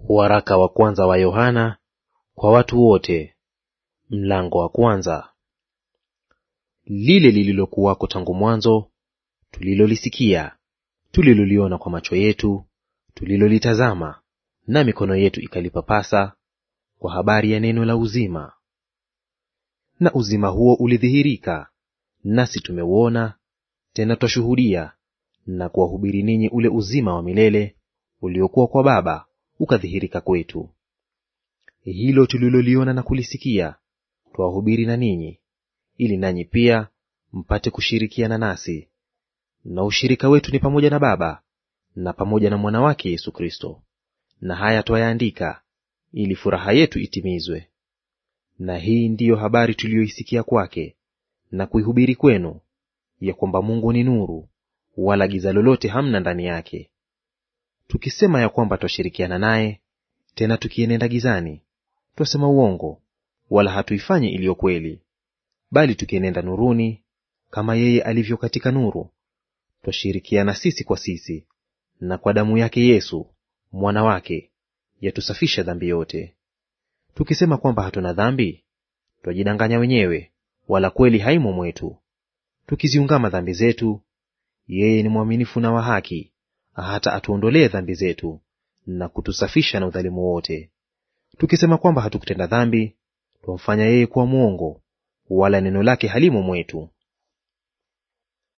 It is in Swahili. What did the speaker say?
Waraka wa kwanza wa Yohana kwa watu wote, mlango wa kwanza. Lile lililokuwako tangu mwanzo, tulilolisikia, tuliloliona kwa macho yetu, tulilolitazama na mikono yetu ikalipapasa, kwa habari ya neno la uzima. Na uzima huo ulidhihirika, nasi tumeuona, tena twashuhudia na kuwahubiri ninyi ule uzima wa milele uliokuwa kwa Baba ukadhihirika kwetu. Hilo tuliloliona na kulisikia twahubiri na ninyi, ili nanyi pia mpate kushirikiana nasi. Na ushirika wetu ni pamoja na Baba na pamoja na mwana wake Yesu Kristo. Na haya twayaandika ili furaha yetu itimizwe. Na hii ndiyo habari tuliyoisikia kwake na kuihubiri kwenu, ya kwamba Mungu ni nuru, wala giza lolote hamna ndani yake. Tukisema ya kwamba twashirikiana naye, tena tukienenda gizani, twasema uongo, wala hatuifanyi iliyo kweli. Bali tukienenda nuruni, kama yeye alivyo katika nuru, twashirikiana sisi kwa sisi, na kwa damu yake Yesu mwana wake yatusafisha dhambi yote. Tukisema kwamba hatuna dhambi, twajidanganya wenyewe, wala kweli haimo mwetu. Tukiziungama dhambi zetu, yeye ni mwaminifu na wa haki hata atuondolee dhambi zetu na kutusafisha na udhalimu wote. Tukisema kwamba hatukutenda dhambi, twamfanya yeye kuwa mwongo, wala neno lake halimo mwetu.